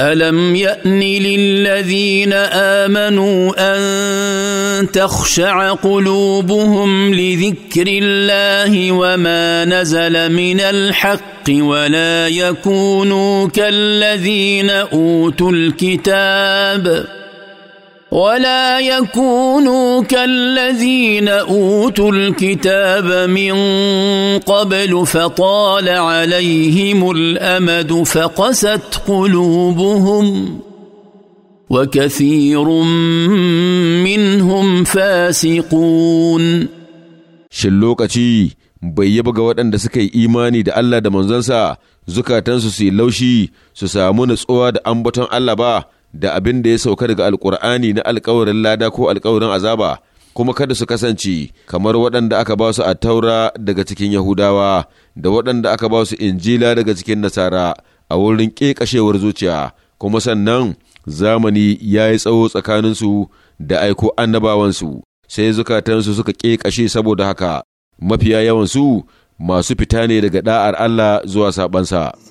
الم يان للذين امنوا ان تخشع قلوبهم لذكر الله وما نزل من الحق ولا يكونوا كالذين اوتوا الكتاب ولا يكونوا كالذين اوتوا الكتاب من قبل فطال عليهم الامد فقست قلوبهم وكثير منهم فاسقون shin lokaci bai yaba buga waɗanda suka yi imani da Allah da manzansa zukatansu su yi laushi su samu natsuwa da ambaton Allah ba da abin da ya sauka daga alkur'ani na alkawarin lada ko alkawarin azaba kuma kada su kasance kamar waɗanda aka ba su a taura daga cikin yahudawa da waɗanda aka ba su injila daga cikin nasara a wurin ƙeƙashewar zuciya kuma sannan zamani ya yi tsawo tsakaninsu da aiko annabawansu sai zukatansu suka ƙeƙashe saboda haka mafiya yawansu masu fita ne daga da'ar Allah zuwa sabansa.